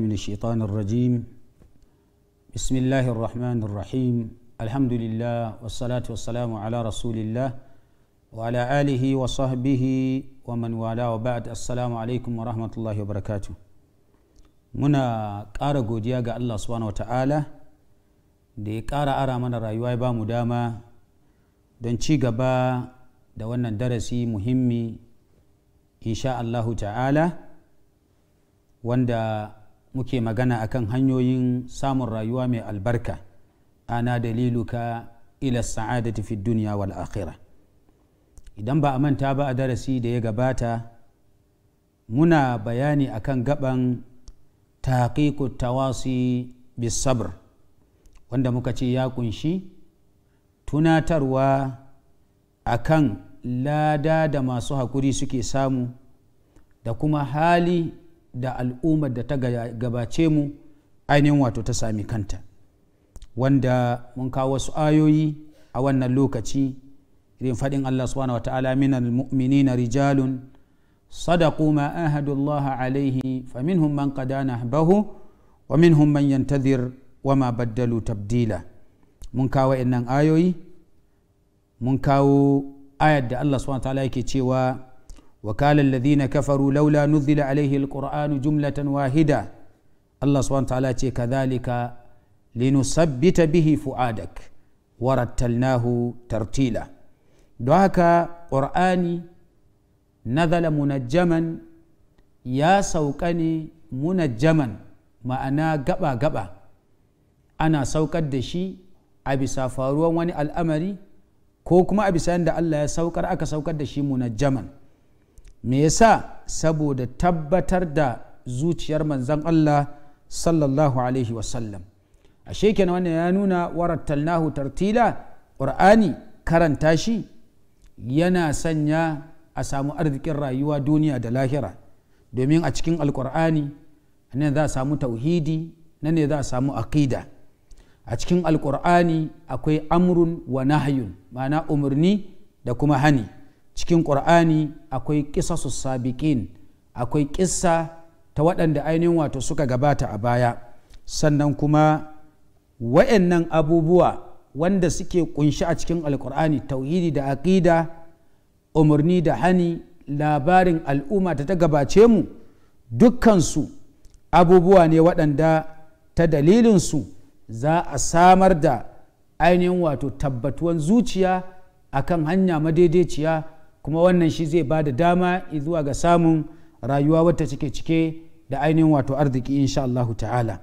من الشيطان الرجيم بسم الله الرحمن الرحيم الحمد لله والصلاة والسلام على رسول الله وعلى آله وصحبه ومن والاه وبعد السلام عليكم ورحمة الله وبركاته منا ƙara godiya ga Allah subhanahu wataala da ya ƙara ara mana rayuwa ya ba mu dama don ci gaba da wannan darasi muhimmi insha Allahu ta'ala wanda muke magana akan hanyoyin samun rayuwa mai albarka ana daliluka ila sa'adati fi duniya wal akhira idan ba a manta ba a darasi da ya gabata muna bayani akan gaban taqiqut tawasi bis sabr wanda muka ce ya kunshi tunatarwa akan lada da masu hakuri suke samu da kuma hali da al'ummar da ta gabace mu ainihin wato ta sami kanta wanda mun kawo wasu ayoyi a wannan lokaci irin faɗin Allah subhanahu wa ta'ala minal mu'minina rijalun sadaqu ma ahadu Allah alaihi fa minhum man qada nahbahu wa minhum man yantadhir wa ma baddalu tabdila mun kawo innan ayoyi mun kawo ayar da Allah subhanahu wa ta'ala yake cewa وقال الذين كفروا لولا نزل عليه القرآن جملة واحدة الله سبحانه وتعالى كذلك لنثبت به فؤادك ورتلناه ترتيلا دعاك قرآني نزل منجما يا سوكني منجما ma'ana gaba-gaba ana saukar da shi a bisa faruwan wani al'amari ko kuma a bisa yadda Allah ya saukar aka saukar da shi munajjaman me yasa saboda tabbatar da zuciyar manzan Allah sallallahu alaihi wasallam a kenan wannan ya nuna warattalnahu tartila ƙur'ani karanta shi yana sanya a samu arzikin rayuwa duniya da lahira domin a cikin alkur'ani nan za a samu tauhidi nan ne za a samu aƙida a cikin alkur'ani akwai amrun wa nahyun ma'ana umarni da kuma hani cikin ƙur'ani akwai su sabiƙin akwai ƙissa ta waɗanda ainihin wato suka gabata a baya sannan kuma wa'annan abubuwa wanda suke kunshi a cikin alkur'ani tauhidi da aƙida umarni da hani labarin al'umma ta ta gabace mu dukkansu abubuwa ne waɗanda ta dalilinsu za a samar da ainihin wato tabbatuwan zuciya akan hanya madaidaiciya kuma wannan shi zai ba da dama zuwa ga samun rayuwa wata cike cike da ainihin wato arziki insha Allahu ta'ala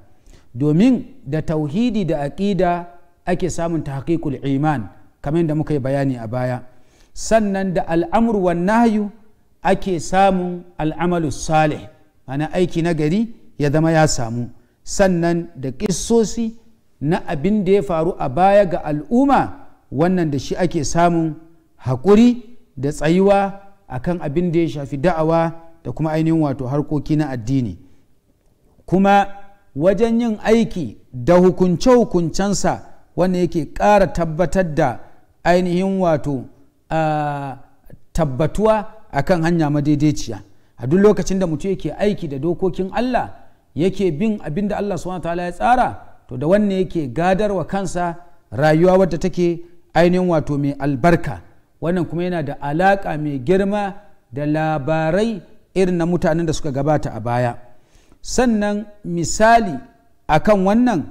domin da tauhidi da aƙida ake samun tahqiqul iman kamar da muka yi bayani a baya sannan da al'amur wan nahyu ake samun al'amalu salih ana aiki na gari ya zama ya samu sannan da ƙisosi na abin da ya faru a baya ga al'umma wannan da shi ake samun haƙuri da tsayuwa a kan abin da ya shafi da'awa da kuma ainihin wato harkoki na addini kuma wajen yin aiki da hukunce-hukuncensa wanda yake ƙara tabbatar da ainihin wato a tabbatuwa akan hanya madaidaiciya a duk lokacin da mutum yake aiki da dokokin Allah yake bin abin da Allah subhanahu ta'ala ya tsara to da wanne yake gadarwa kansa rayuwa wadda take ainihin wato mai albarka wannan kuma yana da alaƙa mai girma da labarai irin na mutanen da suka gabata a baya sannan misali akan wannan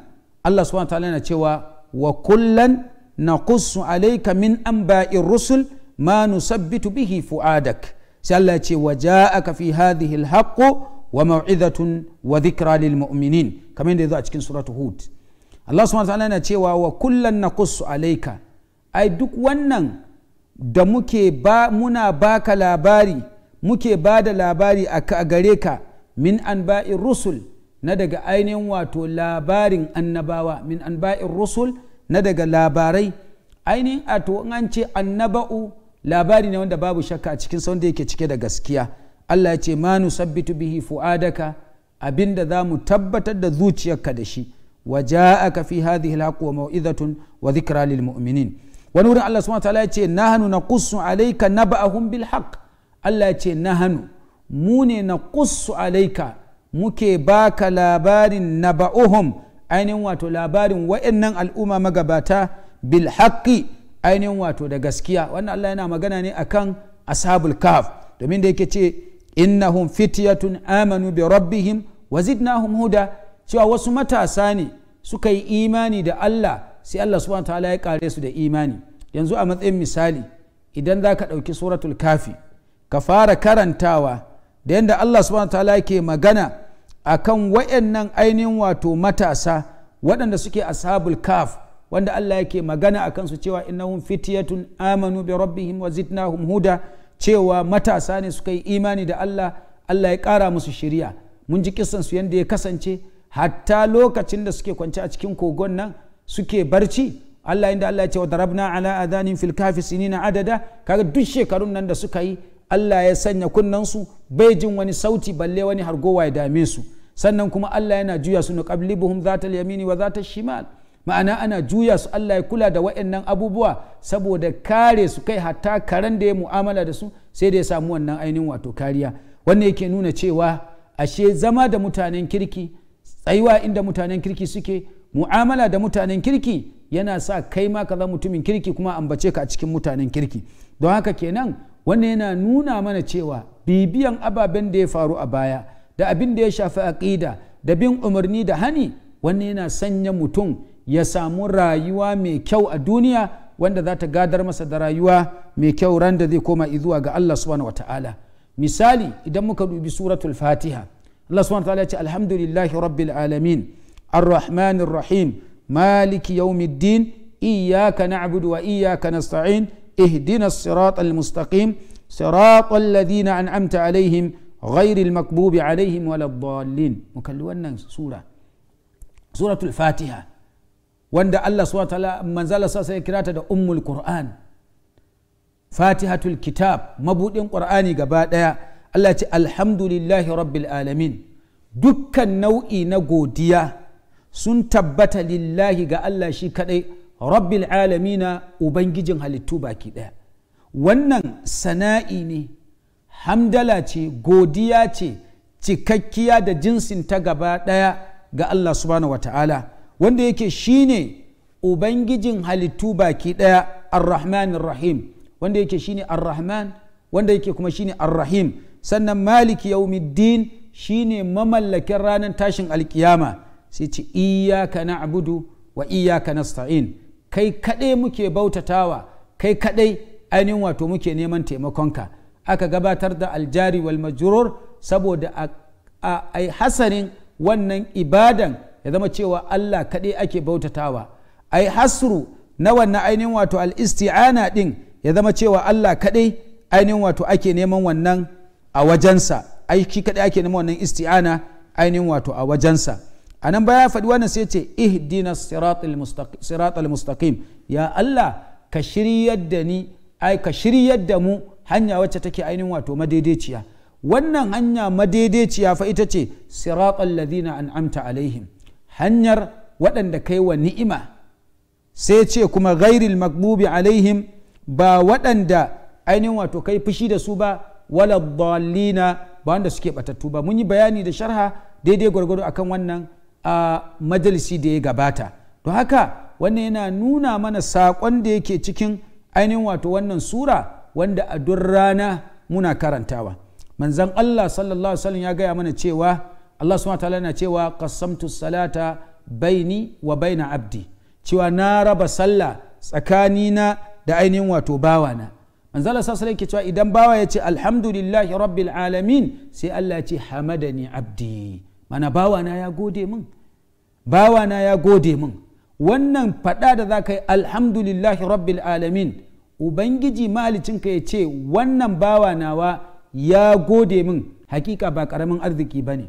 Allah subhanahu ta'ala yana cewa wa kullan naqussu alaika min ba'in rusul ma nusabbitu bihi fu'adak sai Allah ce wa ja'aka fi hadhihi al wa maw'izatun wa dhikra lil mu'minin kamar yadda a cikin suratu hud Allah subhanahu ta'ala yana cewa wa kullan naqussu alaika ai duk wannan da muke ba muna baka labari muke ba da labari a gare ka min ba'in rusul na daga ainihin wato labarin annabawa min an ba'in rusul na daga labarai ainihin a in an ce annaba'u labari ne wanda babu shakka a cikin sanda yake cike da gaskiya Allah ya ce ma nu sabbitu bihi fu'adaka abinda za mu tabbatar da zuciyarka da shi wa ja'aka fi hadhihi al haqqu wa mau'izatun wa dhikra lil mu'minin wani wurin Allah subhanahu wataala ya ce na nahanu naqussu alaika naba'ahum bil haq. Allah ya ce na hannu mu ne na kusu alaika muke baka labarin naba'uhum ainihin wato labarin wa'annan al'umma magabata bil haqqi ainihin wato da gaskiya wannan Allah yana magana ne akan ashabul kaf domin da yake ce innahum fityatun amanu bi rabbihim wa huda cewa wasu matasa ne suka yi imani da Allah sai Allah subhanahu ta'ala ya kare su da imani yanzu a matsayin misali idan za ka ɗauki suratul kafi ka fara karantawa da yadda Allah subhanahu ya ke magana a akan wayannan ainihin wato matasa waɗanda suke ashabul kaf wanda Allah yake magana a kansu cewa innahum fitiyatun amanu bi rabbihim wa zidnahum huda cewa matasa ne suka yi imani da Allah Allah ya kara musu shiriya mun ji kissan su yadda ya kasance hatta lokacin da suke kwance a cikin kogon nan suke barci Allah inda Allah ya ce wa darabna ala adanin fil kafi sinina adada kaga duk shekarun nan da suka yi Allah ya sanya kunnen su bai jin wani sauti balle wani hargowa ya dame su sannan kuma Allah yana juya su za zatal yamini wa zatal shimal ma'ana ana juya su Allah ya kula da wa'annan abubuwa saboda kare su kai hatta karen da ya mu'amala da su sai da ya samu wannan ainihin wato kariya wannan yake nuna cewa ashe zama da mutanen kirki tsayuwa inda mutanen kirki suke mu'amala da mutanen kirki yana sa kai ma ka mutumin kirki kuma ambace ka a cikin mutanen kirki don haka kenan wannan yana nuna mana cewa bibiyan ababen da ya faru a baya da abin da ya shafi aƙida da bin umarni da hani wannan yana sanya mutum ya samu rayuwa mai kyau a duniya wanda za ta gadar masa da rayuwa mai kyau ran da zai koma izuwa ga Allah subhanahu wata'ala misali idan muka dubi suratul fatiha Allah subhanahu wata'ala ya ce alhamdulillahi rabbil alamin الرحمن الرحيم مالك يوم الدين إياك نعبد وإياك نستعين اهدنا الصراط المستقيم صراط الذين أنعمت عليهم غير المكبوب عليهم ولا الضالين مكلونا سورة سورة الفاتحة وند الله سبحانه وتعالى من زال سيكراتا أم القرآن فاتحة الكتاب مبود القرآن قبادة التي الحمد لله رب العالمين دكا نوئي نقوديا sun tabbata lillahi ga Allah shi kadai rabbil alamina ubangijin halittu baki daya wannan sana'i ne hamdala ce godiya ce cikakkiya da jinsin ta gaba daya ga Allah subhanahu ta'ala wanda yake shine ubangijin halittu baki daya ar-rahman rahim wanda yake shine ar-rahman wanda yake kuma shine ar-rahim sannan maliki yaumiddin shine mamallakin ranar tashin alkiyama sai ce iyaka abudu wa iyaka na sta'in kai kaɗai muke bautatawa kai kaɗai ainihin wato muke neman taimakonka aka gabatar da aljari wal majurur saboda a hasarin wannan ibadan ya zama cewa Allah kaɗai ake bautatawa ai hasru na wannan ainihin wato al-isti'ana din ya zama cewa Allah kaɗai ainihin wato ake neman wannan a wajensa ai shi kaɗai ake neman wannan isti'ana ainihin wato a wajensa a nan baya faɗi wannan sai ce ihdina siratal mustaqim ya Allah ka shiryar da ni ai ka shiryar da mu hanya wacce take ainihin wato madaidaiciya wannan hanya madaidaiciya fa ita ce siratal ladina an'amta alaihim hanyar waɗanda kai wa ni'ima sai ce kuma ghairil magbubi alaihim ba waɗanda ainihin wato kai fushi da su ba wala ba wanda suke batattu ba mun yi bayani da sharha daidai gwargwado akan wannan a majalisi da ya gabata don haka wannan yana nuna mana saƙon da yake cikin ainihin wato wannan sura wanda a duk rana muna karantawa manzan Allah sallallahu alaihi ya gaya mana cewa Allah subhanahu ta'ala yana cewa qasamtu salata baini wa baina abdi cewa na raba sallah tsakanina da ainihin wato bawana manzan Allah sallallahu alaihi cewa idan bawa ya ce alhamdulillahi rabbil alamin sai Allah ya ce hamadani abdi mana bawana ya gode min bawana ya gode min wannan faɗa da za ka yi alhamdulillahi rabbil alamin ubangiji malicinka ya ce wannan bawa nawa ya gode min hakika ba ƙaramin arziki ba ne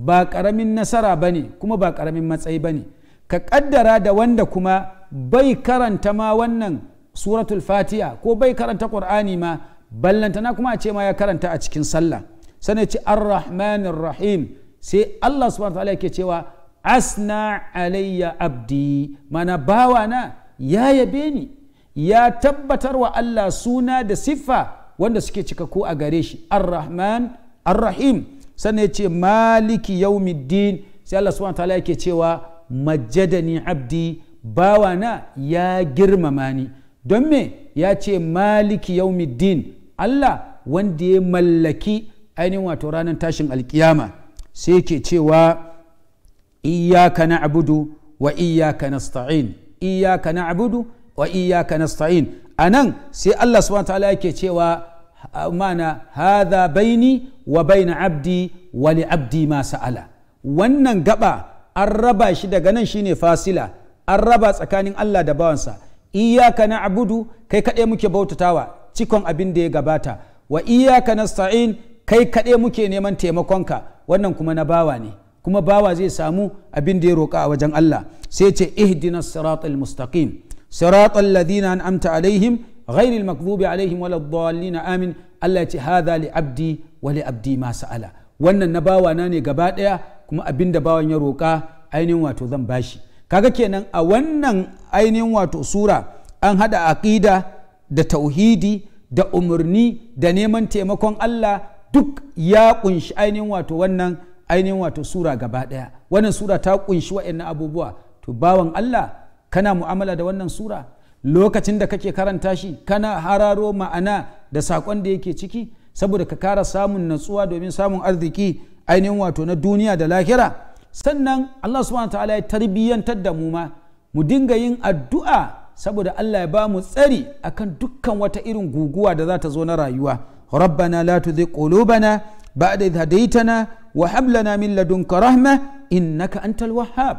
ba ƙaramin nasara ba ne kuma ba ƙaramin matsayi ba ne ka ƙaddara da wanda kuma bai karanta ma wannan suratul fatiha ko bai karanta ƙur'ani ma ballantana kuma a ce ma ya karanta a cikin sallah sanai ci arrahmanirrahim rahim sai Allah subhanahu ta'ala yake cewa asna alayya abdi mana bawana ya yabe ni ya tabbatar wa Allah suna da siffa wanda suke cika ko a gare shi ar-rahman ar-rahim sannan ya ce maliki yaumiddin sai Allah subhanahu ta'ala yake cewa majjadani abdi bawana ya girmama ni don me ya ce maliki yaumiddin Allah wanda ya mallaki ainihin wato ranar tashin alkiyama sai ke cewa iyaka na abudu wa iyaka nasta'in iyaka na abudu wa iyaka nasta'in a nan sai Allah subhanahu ta'ala yake cewa mana hadha baini wa baina abdi wa abdi ma sa'ala wannan gaba an raba shi daga nan shine fasila an raba tsakanin Allah da bawansa iyaka na abudu kai kaɗai muke bautatawa cikon abin da ya gabata wa iyaka nasta'in kai kaɗai muke neman taimakonka wannan kuma na bawa ne kuma bawa zai samu abin da ya roƙa a wajen Allah sai ce ihdina siratal mustaqim siratal ladina an'amta alaihim ghairil maghdubi alaihim dallin amin Allah ya ce hadha li abdi wa li abdi ma sa'ala wannan na bawa na ne gaba daya kuma abin da bawan ya roƙa ainihin wato zan bashi kaga kenan a wannan ainihin wato sura an hada aqida da tauhidi da umarni da neman taimakon Allah duk ya kunshi ainihin wato wannan ainihin wato sura gaba ɗaya wannan sura ta kunshi wa'annan abubuwa to bawan Allah kana mu'amala da wannan sura lokacin da kake karanta shi kana hararo ma'ana da sakon da yake ciki saboda ka kara samun natsuwa domin samun arziki ainihin wato na duniya da lahira sannan Allah subhanahu ta'ala ya tarbiyyantar da mu ma mu dinga yin addu'a saboda Allah ya ba mu tsari akan dukkan wata irin guguwa da za ta zo na rayuwa ربنا لا تذق قلوبنا بعد إذ هديتنا وهب لنا من لدنك رحمة إنك أنت الوهاب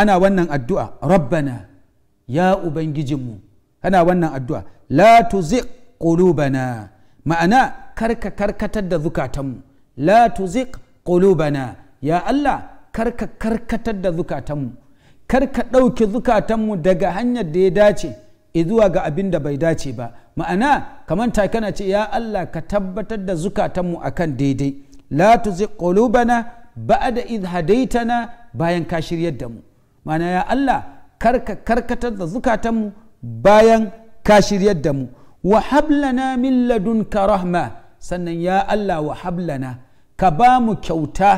أنا ونن الدعاء ربنا يا أبنججم أنا ونن الدعاء لا تزق قلوبنا ma'ana karka karkatar da zukatanmu la tuzik qulubana ya Allah karka karkatar da zukatanmu karka ɗauki zukatanmu daga hanyar da ya dace zuwa ga abin da bai dace ba ma'ana kamar ta kana ce ya Allah ka tabbatar da zukatanmu akan daidai la tuzigh qulubana ba'da id hadaitana bayan ka shiryar da mu ma'ana ya Allah karka karkatar da zukatanmu bayan ka shiryar da mu wa hablana min ladunka rahma sannan ya Allah wa hablana ka ba mu kyauta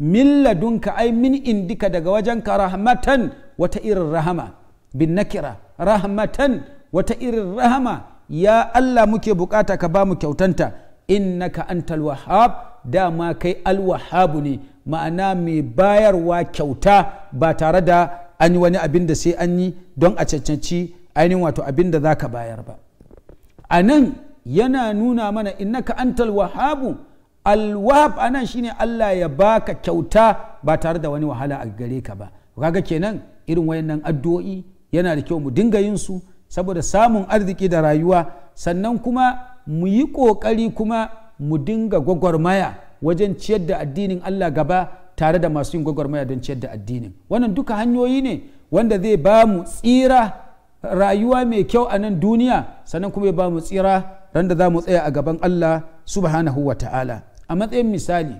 min ladunka ai min indika daga wajen ka rahmatan wata irin rahama bin nakira rahmatan wata irin rahama ya Allah muke bukata ka ba mu kyautanta innaka antal wahhab dama kai alwahabu ne ma'ana mai bayarwa kyauta ba tare da an yi wani abin da sai an yi don a cancanci ainihin wato abin da za ka bayar ba a nan yana nuna mana in innaka antal wahabu alwahab a nan shine Allah ya baka kyauta ba tare da wani wahala a gare ka ba kaga kenan irin wayannan addu'o'i yana da kyau mu dinga yin su saboda samun arziki da rayuwa sannan kuma mu yi ƙoƙari kuma mu dinga gwagwarmaya wajen ciyar da addinin Allah gaba tare da masu yin gwagwarmaya don ciyar da addinin wannan duka hanyoyi ne wanda zai ba mu tsira rayuwa mai kyau a nan duniya sannan kuma ya ba mu tsira ran da za mu tsaya a gaban Allah subhanahu wa ta'ala a matsayin misali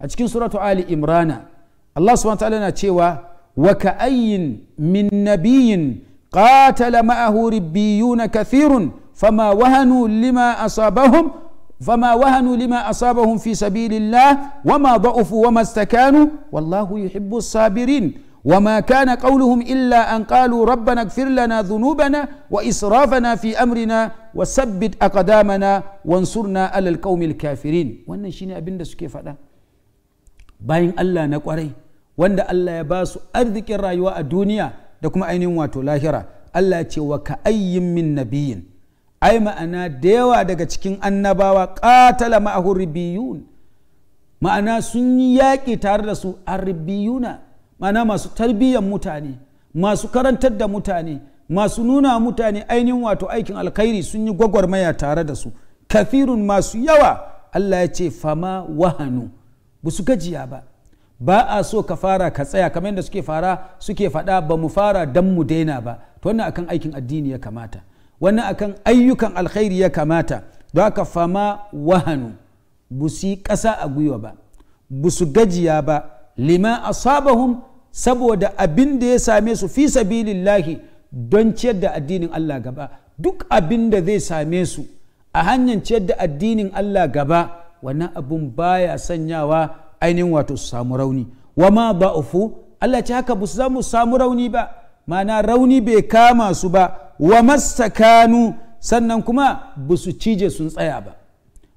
a cikin suratu ali imrana Allah subhanahu wa ta'ala na cewa وكأي من نبي قاتل معه ربيون كثير فما وهنوا لما أصابهم فما وهنوا لما أصابهم في سبيل الله وما ضعفوا وما استكانوا والله يحب الصابرين وما كان قولهم إلا أن قالوا ربنا اغفر لنا ذنوبنا وإسرافنا في أمرنا وثبت أقدامنا وانصرنا على القوم الكافرين وانا شيني abin كيف هذا باين الله Allah wanda Allah ya ba su arzikin rayuwa a duniya da kuma ainihin wato lahira Allah ce wa ka ayyin min nabiyin ai ma'ana da yawa daga cikin annabawa katala ma'ahu ribiyun ma'ana sun yi yaƙi tare da su ribiyuna ma'ana masu tarbiyyar mutane masu karantar da mutane masu nuna mutane ainihin wato aikin alkhairi sun yi gwagwarmaya tare da su kafirun masu yawa Allah ya ce fama wahanu ba su gajiya ba ba a so ka fara ka tsaya kamar yadda suke fara suke faɗa ba mu fara dan mu daina ba to wannan akan aikin addini ya kamata wannan akan ayyukan alkhairi ya kamata don haka fama wahanu bu su ƙasa a gwiwa ba bu su gajiya ba lima asabahum saboda abin da ya same su fi sabilillahi don ciyar da addinin Allah gaba duk abin da zai same su a hanyar ciyar da addinin Allah gaba wannan abun baya sanyawa ainihin wato su samu rauni wa ma ba'ufu Allah ce haka ba su zamu samu rauni ba mana rauni bai kama su ba wa masakanu sannan kuma ba su cije sun tsaya ba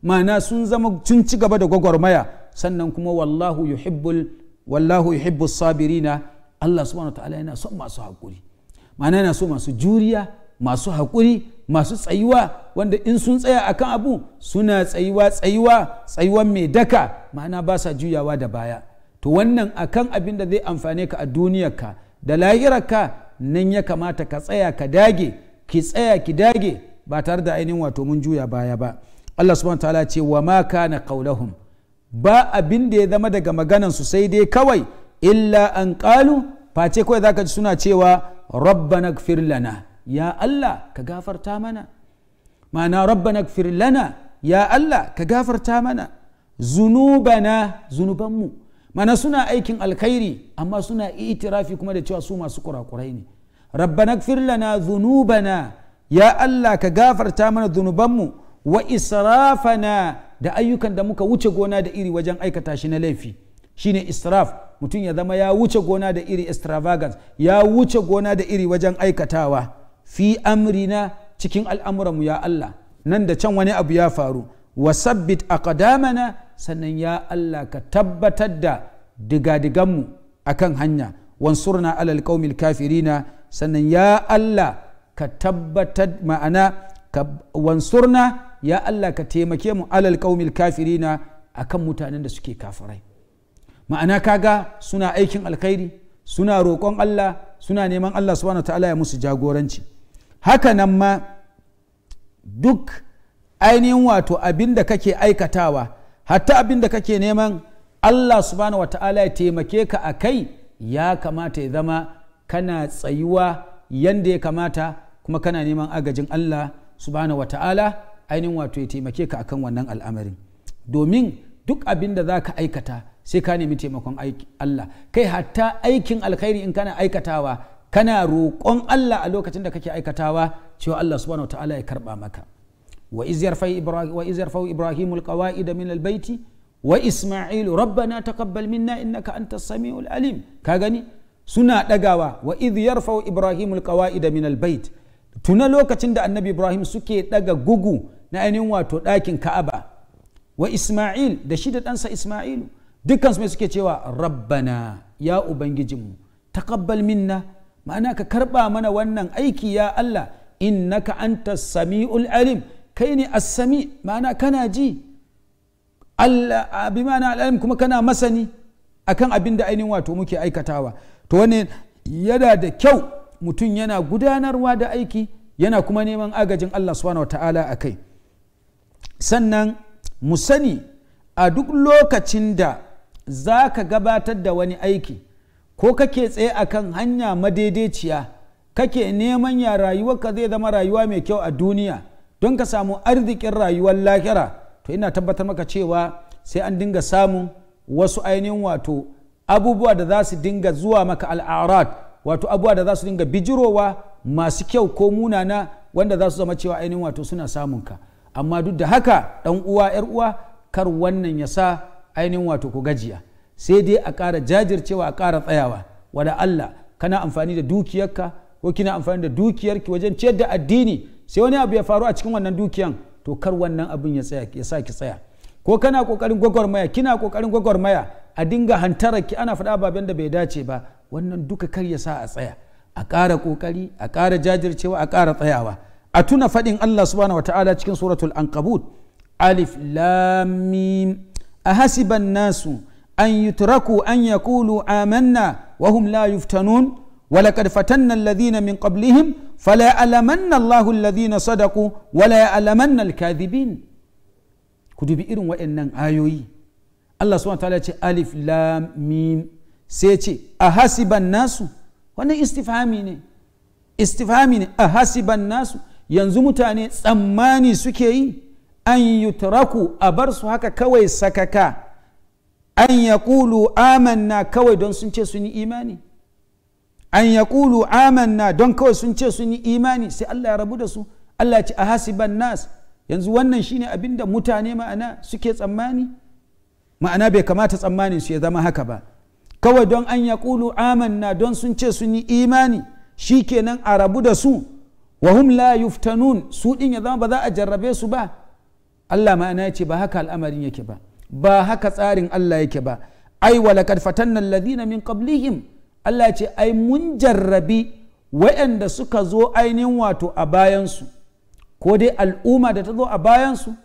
mana sun zama sun ci gaba da gwagwarmaya sannan kuma wallahu yuhibbul wallahu yuhibbus sabirina Allah subhanahu wa ta'ala yana son masu hakuri mana yana so masu juriya masu haƙuri masu tsayuwa wanda in sun tsaya kan abu suna tsayuwa tsayuwa tsayuwan mai daka ma'ana ba sa juyawa da baya to wannan a kan abin da zai amfane ka a duniyarka da lahirarka nan ya kamata ka tsaya ka dage ki tsaya ki dage ba tare da ainihin wato mun juya baya ba Allah subhanahu ta'ala ce wa ma kana qaulahum ba abin da ya zama daga maganan su sai dai kawai illa an qalu face kawai zaka ji suna cewa rabbana gfir lana ya Allah ka gafarta mana ma'ana rabba lana ya Allah ka gafarta mana zunubana zunubanmu mana suna aikin alkhairi amma suna itirafi kuma da cewa su masu kurakurai ne rabba lana zunubana ya Allah ka gafarta mana zunubanmu wa israfana da ayyukan da muka wuce gona da iri wajen aikata shi na laifi shine israf mutum ya zama ya wuce gona da iri extravagance ya wuce gona da iri wajen aikatawa fi amrina cikin al'amuranmu ya Allah nan da can wani abu ya faru wasabbit aqdamana sannan ya Allah ka tabbatar da digadiganmu akan hanya wansurna alal qaumil kafirina sannan ya Allah ka tabbatar ma'ana wansurna ya Allah ka taimake mu alal qaumil kafirina akan mutanen da suke kafirai ma'ana kaga suna aikin alkhairi suna roƙon Allah suna neman Allah subhanahu ta'ala ya musu jagoranci haka nan ma duk ainihin wato abin da kake aikatawa hatta abin da kake neman Allah subhanahu wata'ala ya taimake ka a kai ya kamata ya zama kana tsayuwa yanda ya kamata kuma kana neman agajin Allah subhanahu wata'ala ainihin wato ya taimake ka akan wannan al'amarin domin duk abin da za ka aikata sai ka nemi taimakon Allah kai hatta aikin alkhairi in kana aikatawa kana roƙon Allah a lokacin da kake aikatawa cewa Allah subhanahu wa ta'ala ya karba maka wa iz yarfau ibrahim alqawaid min albayti wa isma'il rabbana taqabbal minna innaka antas samiul alim ka gani suna dagawa wa iz yarfau ibrahim alqawaid min albayt tuna lokacin da annabi ibrahim suke daga gugu na ainihin wato ɗakin ka'aba wa isma'il da shi da ɗansa isma'ilu dukkan su mai suke cewa rabbana ya ubangijinmu taqabbal minna ma'ana ka karba mana wannan aiki ya Allah innaka anta sami'ul alim kai ne a sami ma'ana kana ji Allah bi ma'ana alim kuma kana masani akan abin da ainihin wato muke aikatawa to wani yana da kyau mutum yana gudanarwa da aiki yana kuma neman agajin Allah subhanahu wataala a kai sannan mu sani a duk lokacin da za ka gabatar da wani aiki ko kake tsaye akan hanya madaidaiciya kake neman ya rayuwarka zai zama rayuwa mai kyau a duniya don ka samu arzikin rayuwar lahira to ina tabbatar maka cewa sai an dinga samun wasu ainihin wato abubuwa da za su dinga zuwa maka al'arat wato abubuwa da za su dinga bijirowa masu kyau ko munana wanda za su zama cewa ainihin wato suna samun ka amma duk da haka ɗan uwa 'yar uwa kar wannan ya sa ainihin wato ku gajiya sai dai a ƙara jajircewa a ƙara tsayawa wani Allah kana amfani da dukiyarka ko kina amfani da dukiyarki wajen ciyar da addini sai wani abu ya faru a cikin wannan dukiyan to kar wannan abin ya tsaya ya saki ki tsaya ko kana kokarin gwagwarmaya kina kokarin gwagwarmaya a dinga hantarar ki ana faɗa ababen da bai dace ba wannan duka kar ya sa a tsaya a ƙara kokari a ƙara jajircewa a ƙara tsayawa a tuna faɗin Allah subhanahu wataala cikin suratul ankabut alif lam mim ahasiban nasu أن يتركوا أن يقولوا آمنا وهم لا يفتنون ولقد فتنا الذين من قبلهم فلا ألمن الله الذين صدقوا ولا ألمن الكاذبين كدو بإرم وإنن آيوي الله سبحانه وتعالى ألف لام ميم سيتي أحسب الناس وانا استفهامين استفهامين أحسب الناس yanzu mutane tsammani أن yi an yi turaku a an ya kulu amanna kawai don sun ce sun yi imani an ya kulu amanna don kawai sun ce sun yi imani sai Allah ya rabu da su Allah ce a hasiban nas yanzu wannan shine abin da mutane ma'ana suke tsammani ma'ana bai kamata tsammanin su ya zama haka ba kawai don an ya kulu amanna don sun ce sun yi imani shi kenan a rabu da su wa hum la yuftanun su din ya zama ba za a jarrabe su ba Allah ma'ana ya ce ba haka al'amarin yake ba ba haka tsarin Allah yake ba ai walakad fatanna alladhina min qablihim Allah ce ai mun jarrabi wa'anda suka zo ainihin wato a bayansu ko dai al'umma da ta zo a bayansu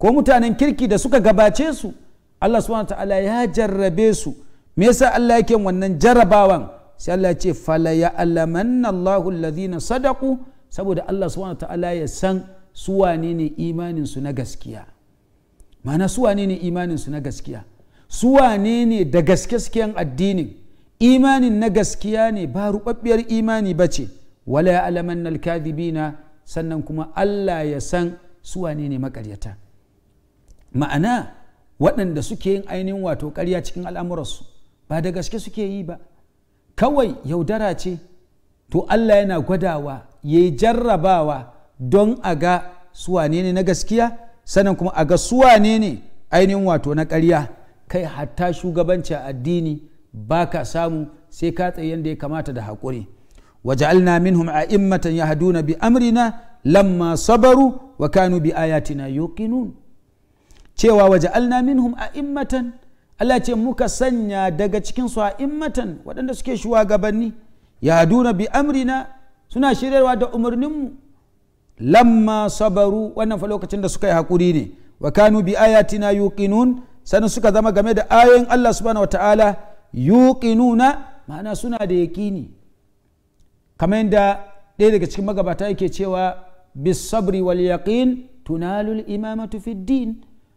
ko mutanen kirki da suka gabace su Allah subhanahu ta'ala ya jarrabe su me yasa Allah yake wannan jarrabawan sai Allah ya ce fala ya alamanna Allahu alladhina sadaqu saboda Allah subhanahu ta'ala ya san su wane ne imanin su na gaskiya mana su wane ne imaninsu na gaskiya su wane ne da gaske suke addinin imanin na gaskiya ne ba ruɓaɓɓiyar imani ba ce wala ya alaman alkadibina sannan kuma allah ya san su wane ne makaryata ma'ana waɗanda suke yin ainihin wato karya cikin al'amuransu ba da gaske suke yi ba kawai yaudara ce to allah yana gwadawa ya yi jarrabawa don a ga su wane ne na gaskiya sannan kuma a ga suwa ne ne ainihin wato na ƙarya kai hatta a addini ba ka samu sai ka tsaye yadda ya kamata da haƙuri waja'alna minhum ya haduna bi amrina lamma sabaru wa kanu bi ayatina yuqinun cewa waja'alna minhum immatan Allah ce muka sanya daga cikin su immatan waɗanda suke shugabanni haduna bi amrina suna shiryarwa da umarnin mu. lamma sabaru wannan fa lokacin da suka yi hakuri ne wa kanu bi ayatina yuqinun sanin suka zama game da ayoyin Allah subhanahu wataala yuqinuna ma'ana suna da yaqini kamar yadda ɗaya daga cikin magabata yake cewa bis sabri wal yaqin tunalul imamatu fid din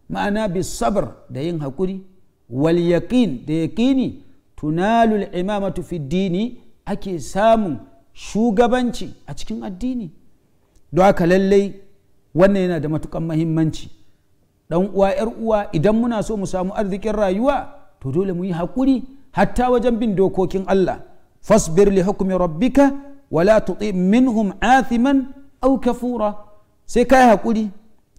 ma'ana bis sabr da yin hakuri wal yaqin da yaqini tunalul imamatu fid dini ake samun shugabanci a cikin addini don haka lallai wannan yana da matukan mahimmanci dan uwa yar uwa idan muna so mu samu arzikin rayuwa to dole mu yi hakuri hatta wajen bin dokokin Allah fasbir li hukmi rabbika wala tuti minhum athiman aw kafura sai kai hakuri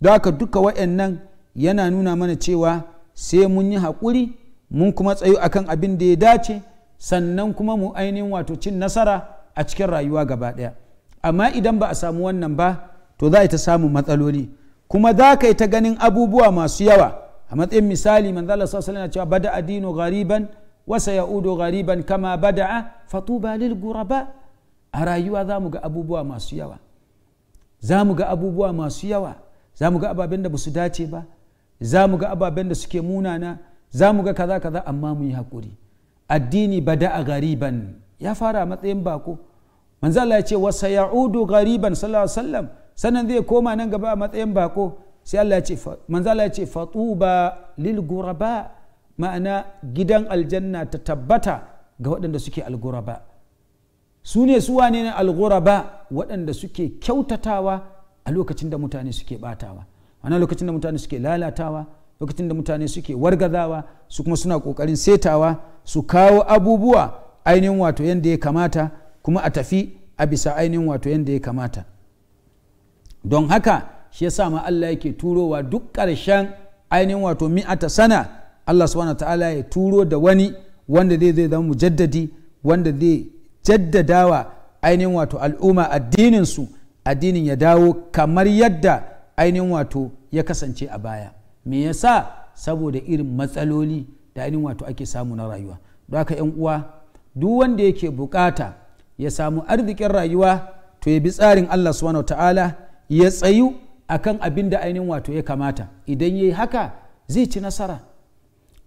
don haka duka wayannan yana nuna mana cewa sai mun yi hakuri mun kuma tsayu akan abin da ya dace sannan kuma mu ainihin wato cin nasara a cikin rayuwa gaba ɗaya amma idan ba a samu wannan ba to za a ta samu matsaloli kuma za ka yi ta ganin abubuwa masu yawa a matsayin misali man zala sallallahu salina cewa bada gariban wasa ya udo ghariban kama bada'a fatuba lil ghuraba a rayuwa za mu ga abubuwa masu yawa za mu ga abubuwa masu yawa za mu ga ababen da ba su dace ba za mu ga ababen da suke munana za mu ga kaza kaza amma mu yi haƙuri addini bada a gariban ya fara a matsayin bako manzo Allah ya ce wa sayaudu ghariban sallallahu alaihi wasallam sannan zai koma nan gaba a matsayin bako sai Allah ya ce manzo Allah ya ce fatuba lil ghuraba ma'ana gidan aljanna ta tabbata ga waɗanda suke alguraba su ne su wane ne alguraba waɗanda suke kyautatawa a lokacin da mutane suke batawa ana lokacin da mutane suke lalatawa lokacin da mutane suke wargazawa su kuma suna ƙoƙarin setawa su kawo abubuwa ainihin wato yadda ya kamata kuma a tafi a bisa ainihin wato yadda ya kamata don haka shi yasa ma Allah yake turowa duk ƙarshen ainihin wato mi'ata sana Allah subhanahu ta'ala ya turo da wani wanda zai zai zama mujaddadi wanda zai jaddadawa ainihin wato al'umma addinin su addinin ya dawo kamar yadda ainihin wato ya kasance a baya me yasa saboda irin matsaloli da ainihin wato ake samu na rayuwa don haka 'yan uwa duk wanda yake bukata ya samu arzikin rayuwa to ya bi tsarin Allah subhanahu ta'ala ya tsayu akan abin da ainihin wato ya kamata idan yayi haka zai ci nasara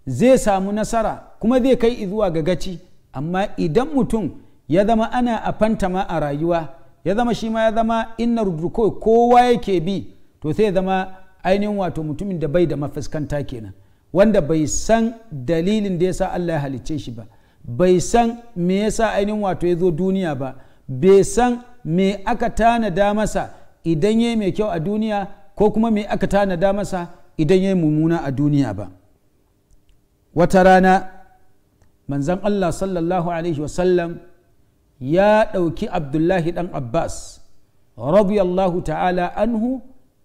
zai samu nasara kuma zai kai izuwa ga gaci amma idan mutum ya zama ana a fantama a rayuwa ya zama shi ma ya zama inna rudukoi kowa yake bi to sai ya zama ainihin wato mutumin da bai da mafuskanta kenan wanda bai san dalilin da ya sa Allah ya halicce shi ba bai san me yasa ainihin wato ya zo duniya ba bai san me aka tanada masa idan ya mai kyau a duniya ko kuma me aka tanada masa idan ya mummuna a duniya ba wata rana manzan allah sallallahu alaihi wasallam ya ɗauki abdullahi ɗan abbas radiyallahu ta'ala anhu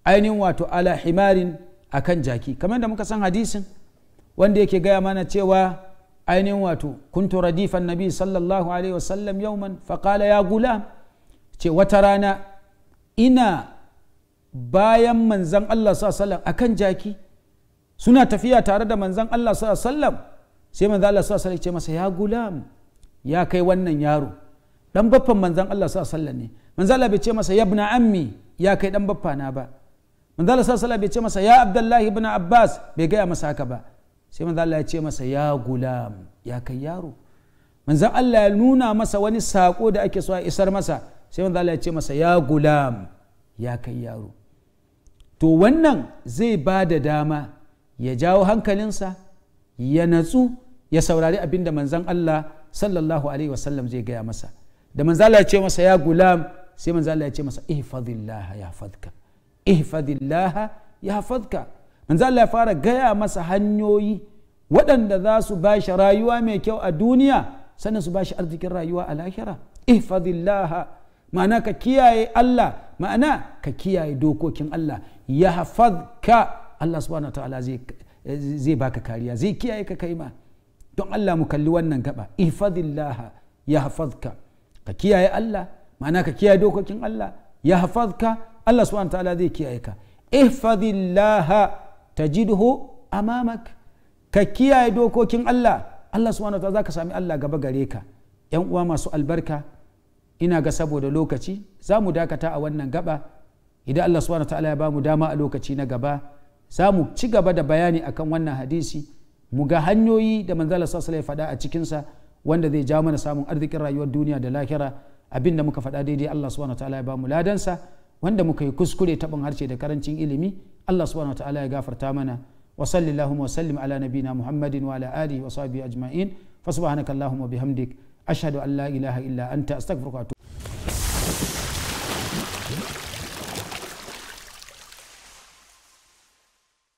ainihin wato ala himarin akan jaki kamar da muka san hadisin wanda yake gaya mana cewa ainihin wato kuntu radifan nabi sallallahu alaihi wasallam yauman faƙala ya gula ce wata rana ina bayan manzan Allah sallam a kan jaki suna tafiya tare da manzan Allah sallam sai manzan Allah sallam ce masa ya gulam ya kai wannan yaro dan baffan manzan Allah sallam ne manzan Allah bai ce masa ya yabna ammi ya kai dan baffa na ba manzan Allah sallam bai ce masa ya abdullahi ibn abbas bai gaya masa haka ba sai manzo Allah ya ce masa ya gulam ya kai yaro manzo Allah ya nuna masa wani sako da ake so a isar masa sai manzo Allah ya ce masa ya gulam ya kai yaro to wannan zai ba da dama ya jawo hankalinsa ya natsu ya saurari abin da manzon Allah sallallahu alaihi wasallam zai gaya masa da manzo Allah ya ce masa ya gulam sai manzo Allah ya ce masa ihfazillah ya fadka ihfazillah ya fadka manzo Allah ya fara gaya masa hanyoyi waɗanda za su ba shi rayuwa mai kyau a duniya sannan su ba shi arzikin rayuwa a lahira ihfazillah ma'ana ka kiyaye Allah ma'ana ka kiyaye dokokin Allah ya hafazka Allah subhanahu ta'ala zai baka kariya zai kiyaye ka kai ma don Allah mu kalli wannan gaba ihfazillah ya hafazka ka kiyaye Allah ma'ana ka kiyaye dokokin Allah ya hafazka Allah subhanahu ta'ala zai kiyaye ka ihfazillah tajiduhu amamak ka kiyaye dokokin Allah Allah subhanahu wataala zaka sami Allah gaba gare ka yan uwa masu albarka ina ga saboda lokaci za mu dakata a wannan gaba idan Allah subhanahu wataala ya bamu dama a lokaci na gaba za mu ci gaba da bayani akan wannan hadisi mu ga hanyoyi da manzala sallallahu ya faɗa a cikinsa wanda zai ja mana samun arzikin rayuwar duniya da lahira abin da muka faɗa daidai Allah subhanahu wataala ya bamu ladansa wanda muka yi kuskure taɓin harshe da karancin ilimi الله سبحانه وتعالى يغفر تامنا وصلى اللهم وسلم على نبينا محمد وعلى آله وصحبه أجمعين فسبحانك اللهم وبحمدك أشهد أن لا إله إلا أنت أستغفرك